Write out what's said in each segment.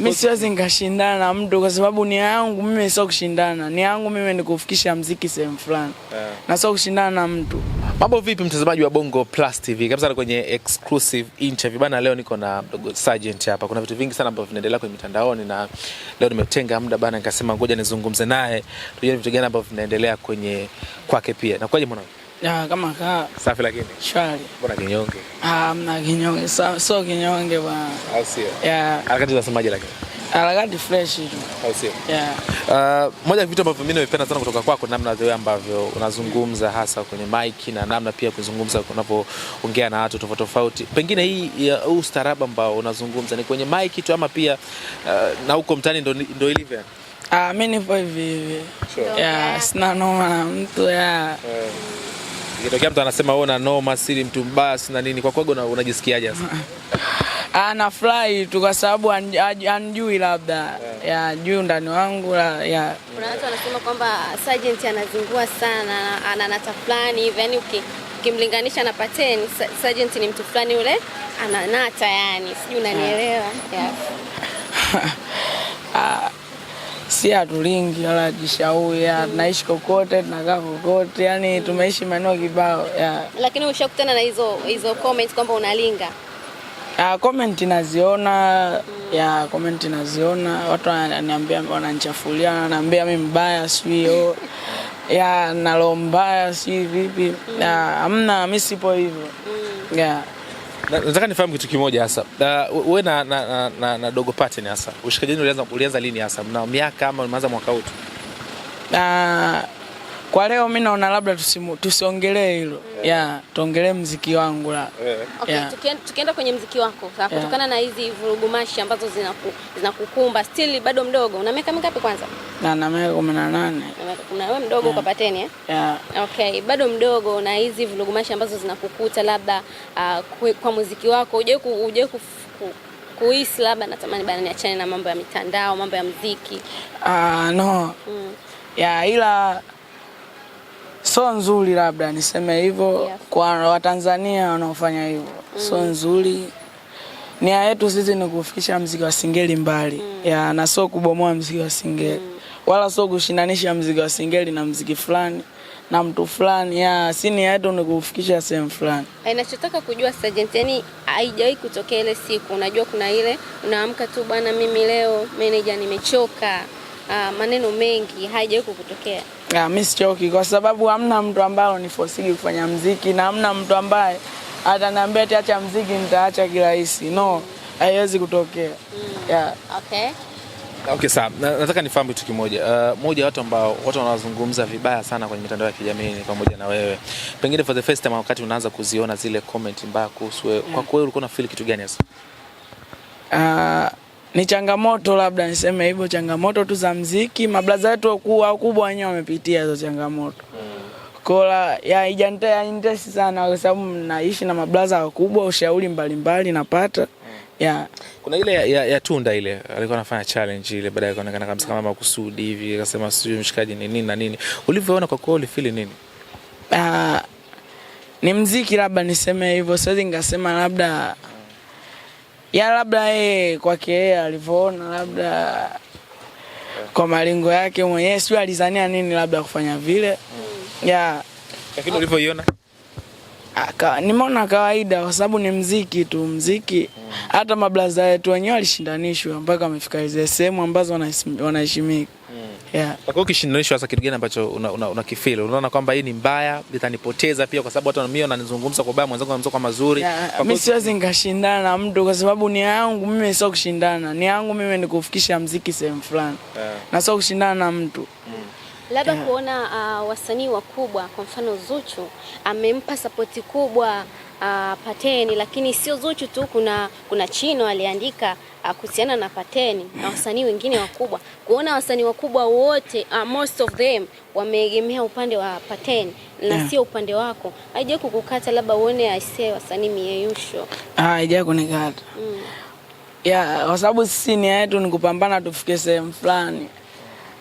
Mi siwezi nikashindana na mtu kwa sababu ni yangu mimi sio kushindana, Ni yangu mimi ni kufikisha mziki sehemu fulani yeah, na sio kushindana na mtu. Mambo vipi, mtazamaji wa Bongo Plus TV kabisa, kwenye exclusive interview bana. Leo niko na mdogo Sergeant hapa. Kuna vitu vingi sana ambavyo vinaendelea kwenye mitandaoni, na leo nimetenga muda bana, nikasema ngoja nizungumze naye, tujue vitu gani ambavyo vinaendelea kwenye kwake pia. Nakuaje mwanangu? Ya, kama ka. Safi lakini. Shwari. Mbona kinyonge? Ah, mna kinyonge. So, so kinyonge ba. Au sio? Yeah. Harakati samaji lakini? Harakati fresh tu. Au sio? Ya. Ah, Uh, moja ya vitu ambavyo mimi nimependa sana kutoka kwako namna wewe ambavyo unazungumza hasa kwenye mic na namna pia kuzungumza unapoongea na watu tofauti tofauti. Pengine hii huu uh, starabu ambao unazungumza ni kwenye mic tu ama pia uh, na huko mtani ndo, ndo ilivyo? Ah, mimi nipo hivi hivi. Sure. Yeah, sina noma na mtu ya. Yeah. Yeah ikitokea mtu anasema wewe una noma siri mtu mbaya na nini, kwa kwako unajisikiaje sasa? Ah, fly tu kwa sababu anjui labda eh. Ya juu ndani wangu la, ya. Kuna watu wanasema kwamba Sergeant anazungua sana, ana nata fulani hivi, yani ukimlinganisha na Paten, Sergeant ni mtu fulani yule ananata, yani sijui unanielewa ah. yeah. si hatulingi wala jishauri ya tunaishi kokote, tunakaa kokote, yani tumeishi maeneo kibao ya Lakini ushakutana na hizo hizo comment kwamba unalinga? ya comment naziona mm. ya comment naziona, watu wananiambia, wananichafulia, wananiambia mimi mbaya, sio ya na nalo mbaya, si vipi? Hamna mimi sipo hivyo mm. yeah. Nataka nifahamu kitu kimoja hasa. Wewe na, na, na, na, na Dogo pattern hasa ushikaji ulianza, ulianza lini hasa? Mna miaka ama umeanza mwaka utu? Kwa leo mimi naona labda tusiongelee hilo yeah. Yeah, tuongelee mziki wangu la. Yeah. Okay, yeah. Tukienda, tukienda kwenye mziki wako sasa yeah. Kutokana na hizi vurugu mashi ambazo zinaku, zinakukumba still bado mdogo una miaka mingapi kwanza? Na na miaka 18. Una wewe mdogo yeah. Ukapateni eh? Yeah. Okay, bado mdogo na hizi vurugu mashi ambazo zinakukuta labda uh, kwa muziki wako ku, ku, ku kuhisi labda natamani bana niachane na mambo ya mitandao, mambo ya mziki? Ah uh, no. Mm. Ya yeah, ila so nzuri, labda niseme hivyo yeah. Kwa Watanzania wanaofanya hivyo mm. so nzuri nia yetu sisi ni kufikisha mziki wa singeli mbali mm. ya, na sio kubomoa mziki wa singeli mm. wala sio kushindanisha mziki wa singeli na mziki fulani na mtu fulani ya si nia yetu ni kufikisha sehemu fulani. Inachotaka kujua Sergeant, yani haijawahi kutokea ile siku, unajua kuna ile unaamka tu bwana, mimi leo manager nimechoka, uh, maneno mengi, haijawahi kukutokea? Ya, mi sichoki kwa sababu hamna mtu ambaye uniforsigi kufanya mziki na hamna mtu ambaye ataniambia ati acha mziki nitaacha kirahisi. No, haiwezi kutokea. Mm. Yeah. Okay. Okay, sawa. Nataka nifahamu kitu kimoja. Uh, moja watu ambao watu wanazungumza vibaya sana kwenye mitandao ya kijamii pamoja na wewe. Pengine for the first time wakati unaanza kuziona zile comment mbaya kuhusu wewe, mm. Kwa kweli ulikuwa unafeel kitu gani hasa? Uh, ni changamoto, labda niseme hivyo, changamoto tu za mziki. Mablaza wetu wakubwa wenyewe wamepitia hizo changamoto kola ya interest sana kwa sababu naishi na mablaza wakubwa, ushauri mbalimbali napata. ya. Kuna ile ya, ya, ya Tunda ile alikuwa anafanya challenge ile, baadaye kaonekana kabisa kama makusudi hivi, akasema sijui mshikaji ni nini na nini. Ulivyoona kwa kweli ulifili nini? Uh, ni mziki labda niseme hivyo, siwezi ngasema labda ya labda yeye kwake yeye alivyoona labda kwa malengo yake mwenyewe, sio alizania nini labda kufanya vile hmm. ya lakini ulivyoiona ah, nimeona kawaida, kwa sababu ni mziki tu, mziki hmm. hata mablaza yetu wenyewe alishindanishwa mpaka wamefika hizo sehemu ambazo wanaheshimika. Yeah. Kwa kishindanisho hasa kitu gani ambacho unakifeel? Una, una unaona kwamba hii ni mbaya, itanipoteza pia kwa sababu hata mimi wananizungumza kwa baya, mwenzangu anazungumza kwa mazuri. Yeah, mimi siwezi nikashindana na mtu kwa sababu ni yangu mimi sio kushindana. Ni yangu mimi ni kufikisha mziki sehemu fulani. Yeah. Na sio kushindana na mtu. Mm. Labda yeah, kuona uh, wasanii wakubwa kwa mfano Zuchu amempa sapoti kubwa uh, Pateni, lakini sio Zuchu tu, kuna kuna Chino aliandika kuhusiana na pateni na wasanii wengine wakubwa, kuona wasanii wakubwa wote uh, most of them wameegemea upande wa pateni na yeah, sio upande wako. haijawahi kukukata labda uone aisee, wasanii mieyusho ah, haijawahi kunikata mm, yeah, kwa sababu sisi nia yetu ni kupambana tufike sehemu fulani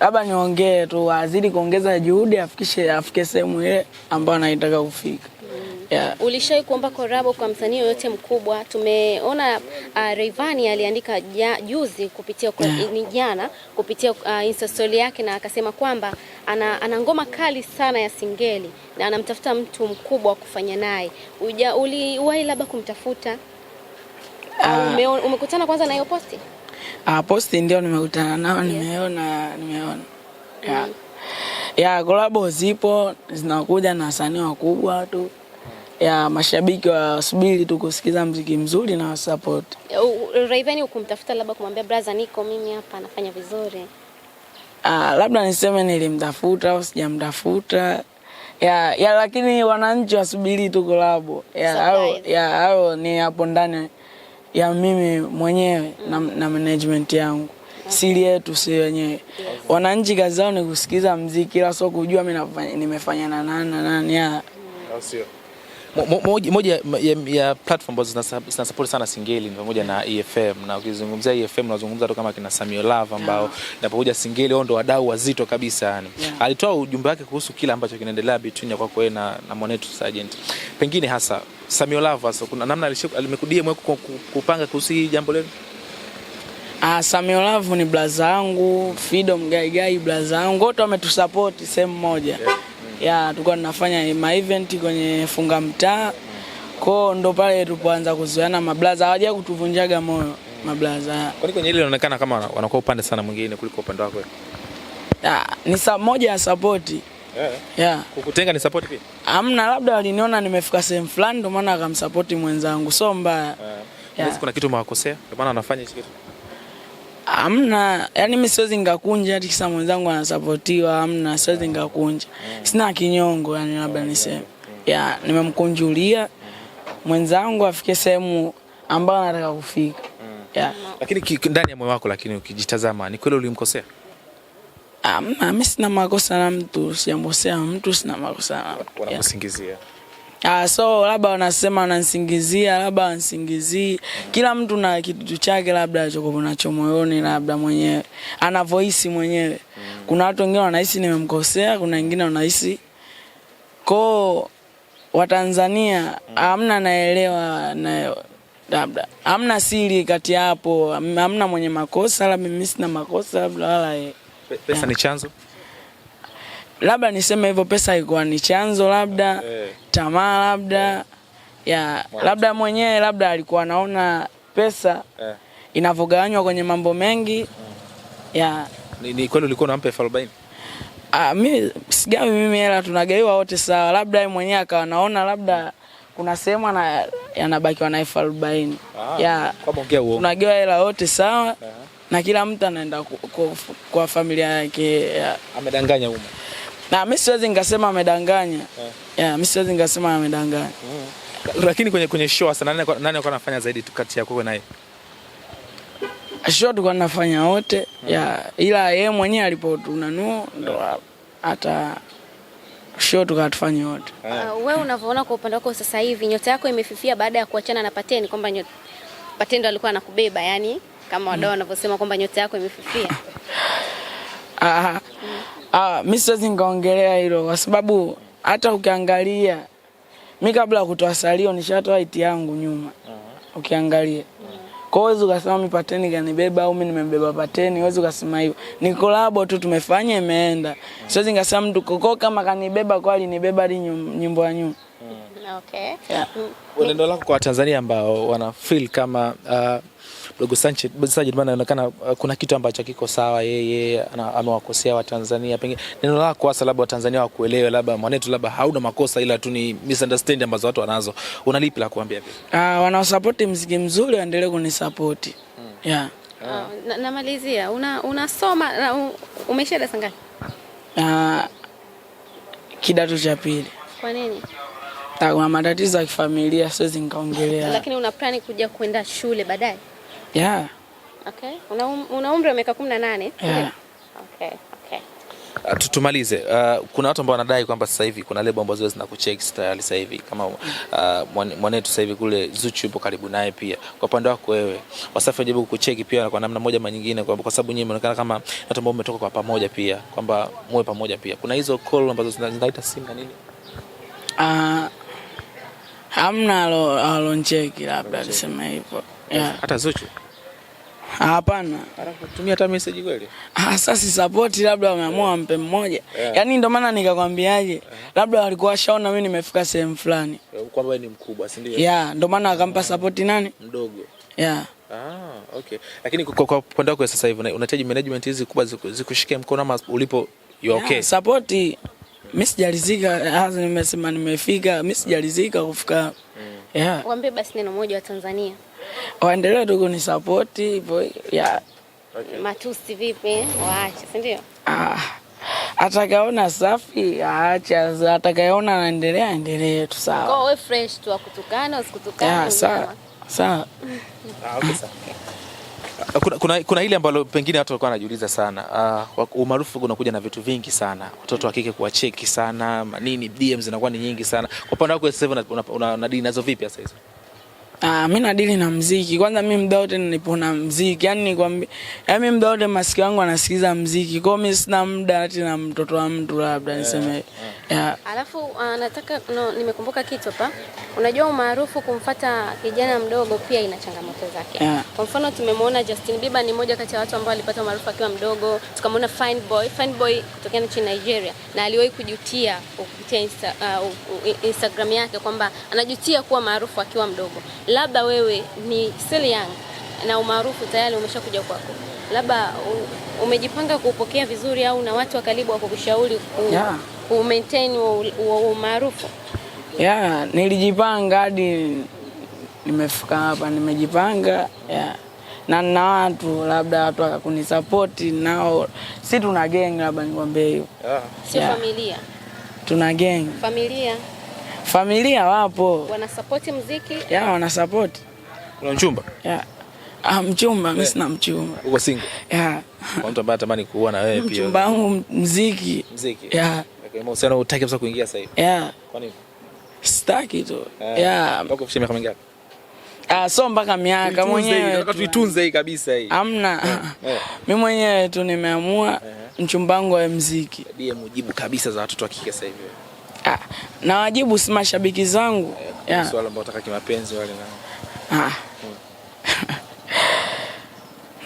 labda niongee tu, azidi kuongeza juhudi afikishe afike sehemu ile ambayo anaitaka kufika yeah. Ulishawai kuomba korabo kwa msanii yoyote mkubwa? Tumeona uh, Rayvanny aliandika ja, juzi kupitia kwa, yeah. ni jana kupitia uh, insta story yake na akasema kwamba ana, ana ngoma kali sana ya singeli na anamtafuta mtu mkubwa wa kufanya naye. Uliwahi labda kumtafuta uh, ume, umekutana kwanza na hiyo posti? Uh, posti ndio nimekutana nao, nimeona nimeona ya mm. kolabo zipo zinakuja na wasanii wakubwa tu ya mashabiki wasubiri tu kusikiza mziki mzuri na support. Rayvanny ukumtafuta labda kumwambia brother, niko mimi hapa nafanya vizuri? Ah, labda niseme nilimtafuta au sijamtafuta ya, ya lakini wananchi wasubiri tu kolabo ya hao ni hapo ndani ya mimi mwenyewe mm. na, na management yangu okay. Siri yetu si wenyewe yes. Wananchi kazi yao ni kusikiza mziki, ila sio kujua mimi nimefanya na nani na nani ya mm. Moja ya, ya platform ambazo zinasupport sana singeli ni pamoja na EFM, na ukizungumzia EFM unazungumza tu kama kina Samio Love ambao na pamoja singeli, wao ndio wadau wazito kabisa yani. Yeah. Alitoa ujumbe wake kuhusu kila ambacho kinaendelea between ya kwako wewe na, na Monetu Sergeant. Pengine hasa Samio Love hasa kuna namna alimekudia mwe kupanga kuhusu hii jambo leo? Ah, Samio Love ni blaza yangu, Fido Mgaigai blaza wangu, wote wametusupport sehemu moja. Yeah ya tulikuwa tunafanya ma event kwenye funga mtaa kwao, ndo pale tulipoanza kuzoeana mablaza, hawaja kutuvunjaga moyo mablaza. Kwa nini kwenye hili inaonekana kama wanakuwa upande sana mwingine kuliko upande wako? Ya, ni saa moja ya support. Yeah. Yeah. Kukutenga ni support pia? Hamna, labda waliniona nimefika sehemu fulani ndo maana akamsupport mwenzangu. So mbaya. Yeah. Yeah. Kuna kitu mawakosea? ndo maana anafanya hicho kitu amna yani mimi siwezi ngakunja hata kisa mwenzangu anasapotiwa, amna siwezi ngakunja. Sina kinyongo yani, labda niseme ya nimemkunjulia mwenzangu afike sehemu ambayo anataka kufika. Ya. Lakini ndani ya moyo wako, lakini ukijitazama, ni kweli ulimkosea? Amna, mimi sina makosa na mtu, sijamkosea mtu, sina makosa na mtu. Wanakusingizia. Ah, so labda wanasema wanasingizia, labda wanasingizii. Kila mtu na kitu chake, labda alichokunacho moyoni, labda mwenyewe voice mwenyewe. Kuna watu wengine wanahisi nimemkosea, kuna wengine wanahisi koo. Watanzania hamna naelewa na labda hamna siri kati hapo, hamna mwenye makosa, labda mimi sina makosa, labda wala eh. pesa ni chanzo labda niseme hivyo, pesa ilikuwa ni chanzo, labda eh. tamaa, labda eh. ya mwanzo. labda mwenyewe labda alikuwa anaona pesa eh. inavyogawanywa kwenye mambo mengi mm. ya ni, ni kweli ulikuwa unampa elfu arobaini? Ah, mimi sigawi mimi hela, tunagaiwa wote sawa. Labda yeye mwenyewe akawa anaona labda kuna sehemu ana yanabakiwa na elfu arobaini ah, ya tunagawa hela wote sawa, na kila mtu anaenda kwa familia yake. ya. Amedanganya umma na mimi siwezi ngasema amedanganya. Eh. Yeah, mimi siwezi ngasema amedanganya. mm. Lakini kwenye kwenye show sana nani nani alikuwa anafanya zaidi kati ya kwako naye? Show tulikuwa tunafanya wote. mm. ya Yeah, ila yeye mwenyewe alipotunanua ndo yeah. hata show tukatufanya wote. yeah. Uh, wewe unavyoona kwa upande wako sasa hivi nyota yako imefifia baada ya kuachana na Pateni kwamba nyota Pateni ndo alikuwa anakubeba yani kama mm. wadau wanavyosema kwamba nyota yako imefifia. Ah, Ah, mimi siwezi nikaongelea hilo kwa sababu hata ukiangalia mimi kabla ya kutoa salio nishatoa iti yangu nyuma. Uh-huh. Ukiangalia. Uh-huh. Kwa hiyo uwezi ukasema mimi pateni kanibeba au mimi nimembeba pateni, uwezi ukasema hivyo. Ni collab tu tumefanya imeenda. Uh-huh. Siwezi nikasema mtu koko kama kanibeba kwa alinibeba hadi nyimbo ya nyuma. Uh-huh. Okay. Yeah. Mm, neno lako kwa Watanzania ambao wana feel kama uh, Dogo Sanchez Sanchez bwana, inaonekana uh, kuna kitu ambacho kiko sawa, yeye amewakosea Watanzania. Pengine neno lako hasa labda Watanzania wakuelewe, labda mwanetu, labda hauna makosa, ila tu ni misunderstanding ambazo watu wanazo, unalipi la kuambia? Ah, wanaosapoti mziki mzuri waendelee kunisapoti. hmm. yeah. ah. na, namalizia una, unasoma na, umeisha darasa ngapi? ah, kidato cha pili. Kwa nini? Kuna matatizo ya kifamilia siwezi nikaongelea. Lakini una plani kuja kwenda shule baadaye? Yeah. Okay. Una, um, una umri wa miaka 18? Yeah. Okay. Okay. Uh, tumalize. Uh, kuna watu ambao wanadai kwamba sasa hivi kuna lebo ambazo zinakucheck tayari sasa hivi kama uh, mwanetu sasa hivi kule Zuchu yupo karibu naye pia. Kwa upande wako wewe, Wasafi wajibu kukucheki pia kwa namna moja ama nyingine, kwa, kwa sababu nyinyi mnaonekana kama watu ambao mmetoka kwa pamoja pia kwamba muwe pamoja pia. Kuna hizo call ambazo zinaita simu na nini? Ah, uh, hamna alo alo aloncheki labda alisema hivyo hata Zuchu? Hapana. Anakutumia hata message kweli? Ah, ah, sasa si support labda wameamua yeah. wampe mmoja. Yeah. Yani ndio maana nikakwambiaje? Yeah. Uh-huh. Labda walikuwa washaona mimi nimefika sehemu fulani. Eh, kwamba wewe ni mkubwa, si ndio? Yeah, ndio maana akampa support nani? Mdogo. Yeah. Ah, okay. Lakini kwa kwa upande wako sasa hivi unahitaji management hizi kubwa zikushikie mkono ama ulipo you okay? Yeah, support. Mimi sijalizika, nimesema nimefika, mimi sijalizika kufika. Mm. Yeah. Waambie basi neno moja wa Tanzania. Waendelee tu kunisupport hivyo. Yeah. Okay. Matusi vipi? Waache, si ndio? Ah. Atakaona safi aacha, atakaona anaendelea endelee tu sawa. Kwa wewe fresh tu akutukana usikutukane. Ah, sawa. Sawa. Ah, okay sawa. Eh, kuna, kuna, kuna ile ambalo pengine watu walikuwa wanajiuliza sana. Uh, umaarufu unakuja na vitu vingi sana, watoto wa kike kuwa cheki sana, manini DM zinakuwa ni nyingi sana. Kwa upande wako sasa hivi unadili nazo vipi sasa hizo? Ah, mimi nadili na mziki. Kwanza mimi muda wote nipo na mziki. Yaani nikwambia, yaani mimi muda wote masikio yangu anasikiza mziki. Kwa hiyo mimi sina muda hata na mtoto wa mtu labda eh, niseme. Yeah. Yeah. Alafu uh, nataka no, nimekumbuka kitu hapa. Unajua umaarufu kumfata kijana mdogo pia ina changamoto zake. Yeah. Kwa mfano tumemwona Justin Bieber ni mmoja kati ya watu ambao alipata maarufu akiwa mdogo. Tukamwona Fine Boy, Fine Boy kutoka nchini Nigeria na aliwahi kujutia kupitia Insta, uh, Instagram yake kwamba anajutia kuwa maarufu akiwa mdogo labda wewe ni still young na umaarufu tayari umeshakuja kwako, labda umejipanga kupokea vizuri, au na watu wa karibu wakukushauri ku, yeah. ku maintain umaarufu yeah, nilijipanga hadi nimefika hapa, nimejipanga yeah. na na watu labda watu wakakunisapoti nao, si tuna geng, labda nikwambie hiyo yeah. si yeah. familia, tuna geng familia Familia wapo. Wanasapoti muziki? Ya, wanasapoti. Kuna mchumba? Ya. Ah, mchumba, mimi sina mchumba. Uko single? Ya. Kwa mtu ambaye anatamani kuwa na wewe pia. Mchumba wangu muziki. Muziki? Ya. Kwa hiyo sasa unataka kabisa kuingia sasa hivi? Ya. Kwa nini? Sitaki tu. Eh, ya. Mpaka kufikia miaka mingapi? Ah, so mpaka miaka mwenyewe. Wakati tuitunze hii kabisa hii. Hamna. Eh, eh. Mimi mwenyewe tu nimeamua mchumba wangu awe muziki. Ndiye mujibu kabisa za watoto wa kike sasa hivi. Ah, na wajibu si mashabiki zangu yeah. Swala ambao nataka kimapenzi wale na ah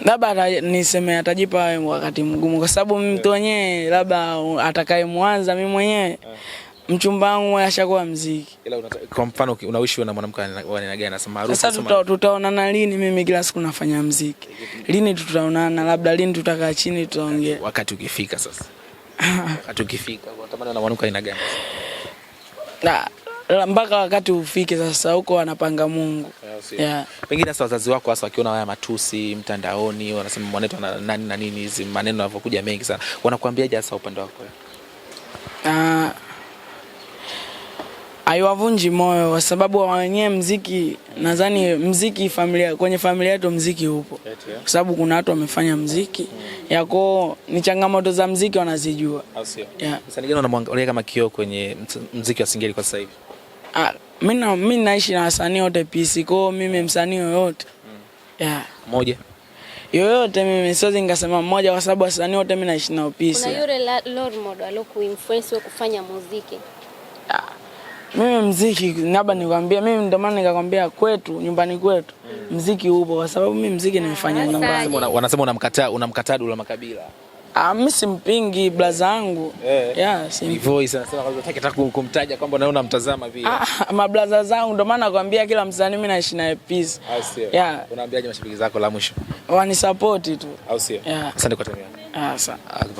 labda niseme atajipa wakati mgumu, kwa sababu mtu mwenyewe labda atakaye mwanza mimi mwenyewe mchumba wangu ashakuwa mziki. kwa mfano unawishi na mwanamke wa aina gani? Sasa tuta, tutaonana lini? Mimi kila siku nafanya mziki, lini tutaonana? Labda lini tutakaa chini tutaongea, wakati ukifika. Sasa wakati ukifika, unatamani na mwanamke aina gani? mpaka wakati ufike sasa, huko wanapanga Mungu. Yeah. Pengine sasa wazazi wako hasa wakiona haya matusi mtandaoni, wanasema mwanetu na nani na nini, hizi maneno yanavyokuja mengi sana, wanakuambiaje hasa upande wako? haiwavunji moyo kwa sababu wenyewe mziki, nadhani mziki familia, kwenye familia yetu mziki upo, eh? kwa sababu kuna watu wamefanya mziki hmm. yako, ni changamoto za mziki wanazijua. Yeah. Msanii gani unamwangalia kama kioo kwenye mziki wa Singeli kwa sasa hivi? Ah, mimi naishi na wasanii wote PC, kwa hiyo mimi msanii yoyote mm. yeah. Moja yoyote mimi siwezi nikasema mmoja, kwa sababu wasanii wote mimi naishi nao PC. Kuna yule role model aliyokuinfluence wewe kufanya muziki mimi mziki labda nikwambia, mimi ndo maana nikakwambia kwetu nyumbani kwetu mziki upo kwa sababu mimi mziki nimefanya ah, nyumbani. Wanasema unamkataa unamkataa Dula Makabila. Ah, mimi simpingi blaza yangu. Eh. Yeah, simpingi. Voice anasema kwamba nataka kumtaja kwamba naona mtazama vile. Ah, ah, mablaza zangu ndo maana nakwambia kila msanii mimi naishi naye peace. Au ah, sio? Yeah. Unaambiaje mashabiki zako la mwisho? Wanisupport tu. Au sio? Yeah. Asante kwa tena. Ah, asante.